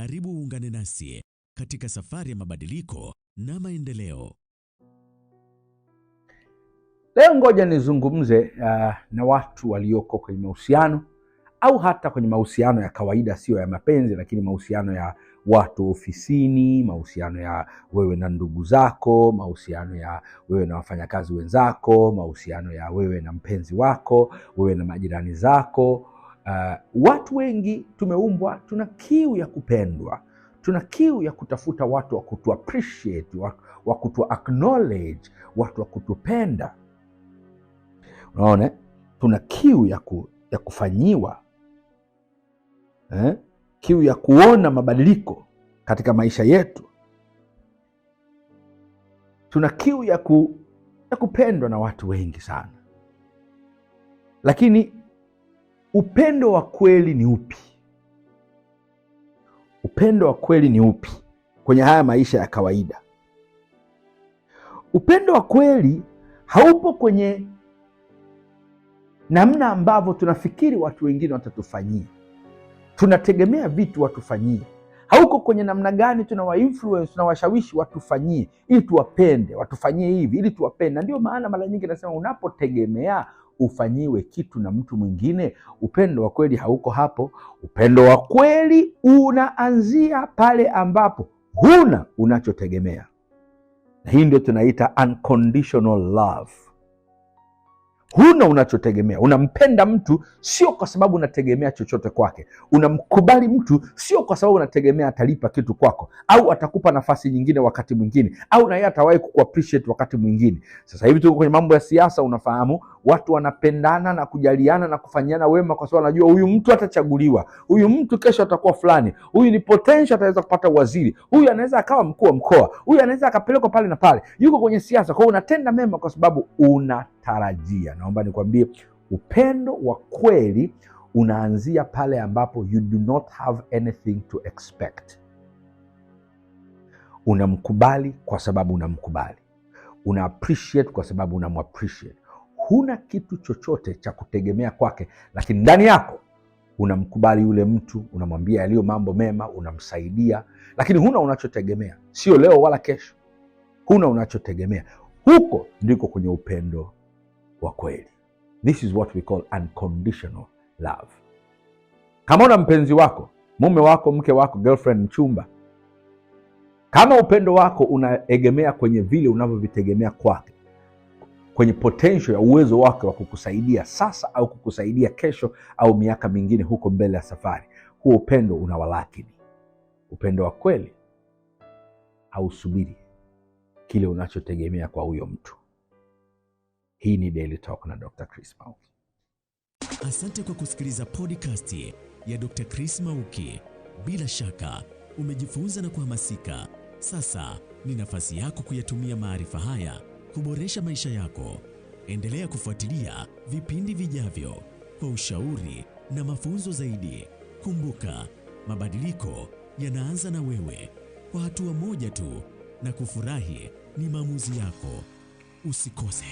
Karibu uungane nasi katika safari ya mabadiliko na maendeleo. Leo ngoja nizungumze uh, na watu walioko kwenye mahusiano au hata kwenye mahusiano ya kawaida, sio ya mapenzi, lakini mahusiano ya watu ofisini, mahusiano ya wewe na ndugu zako, mahusiano ya wewe na wafanyakazi wenzako, mahusiano ya wewe na mpenzi wako, wewe na majirani zako Uh, watu wengi tumeumbwa, tuna kiu ya kupendwa, tuna kiu ya kutafuta watu wa kutu appreciate, wa kutu acknowledge, watu wa kutupenda. Unaona, tuna kiu ya, ku, ya kufanyiwa eh? Kiu ya kuona mabadiliko katika maisha yetu, tuna kiu ya, ku, ya kupendwa na watu wengi sana, lakini Upendo wa kweli ni upi? Upendo wa kweli ni upi kwenye haya maisha ya kawaida? Upendo wa kweli haupo kwenye namna ambavyo tunafikiri watu wengine watatufanyia, tunategemea vitu watufanyie. Hauko kwenye namna gani tunawainfluence, tunawashawishi watufanyie ili tuwapende, watufanyie hivi ili tuwapende. Na ndio maana mara nyingi nasema unapotegemea ufanyiwe kitu na mtu mwingine. Upendo wa kweli hauko hapo. Upendo wa kweli unaanzia pale ambapo huna unachotegemea, na hii ndio tunaita unconditional love. Huna unachotegemea. Unampenda mtu sio kwa sababu unategemea chochote kwake. Unamkubali mtu sio kwa sababu unategemea atalipa kitu kwako, au atakupa nafasi nyingine wakati mwingine, au na yeye atawahi kukuappreciate wakati mwingine. Sasa hivi tuko kwenye mambo ya siasa, unafahamu watu wanapendana na kujaliana na kufanyiana wema, kwa sababu anajua huyu mtu atachaguliwa, huyu mtu kesho atakuwa fulani, huyu ni potential, ataweza kupata uwaziri, huyu anaweza akawa mkuu wa mkoa, huyu anaweza akapelekwa pale na pale, yuko kwenye siasa. Kwa hiyo unatenda mema kwa sababu unatarajia. Naomba nikwambie, upendo wa kweli unaanzia pale ambapo you do not have anything to expect. Unamkubali kwa sababu unamkubali, una appreciate kwa sababu unamappreciate, huna kitu chochote cha kutegemea kwake, lakini ndani yako unamkubali yule mtu, unamwambia yaliyo mambo mema, unamsaidia, lakini huna unachotegemea, sio leo wala kesho, huna unachotegemea. Huko ndiko kwenye upendo wa kweli. This is what we call unconditional love. Kama una mpenzi wako, mume wako, mke wako, girlfriend, mchumba, kama upendo wako unaegemea kwenye vile unavyovitegemea kwake kwenye potential ya uwezo wake wa kukusaidia sasa au kukusaidia kesho au miaka mingine huko mbele ya safari. Huo upendo walakini. Upendo wa kweli hausubiri kile unachotegemea kwa huyo mtu. Hii ni Daily Talk na Dr. Chris Mauki. Asante kwa kusikiliza podcast ya Dr. Chris Mauki. Bila shaka umejifunza na kuhamasika. Sasa ni nafasi yako kuyatumia maarifa haya kuboresha maisha yako. Endelea kufuatilia vipindi vijavyo kwa ushauri na mafunzo zaidi. Kumbuka, mabadiliko yanaanza na wewe, kwa hatua moja tu, na kufurahi ni maamuzi yako. Usikose.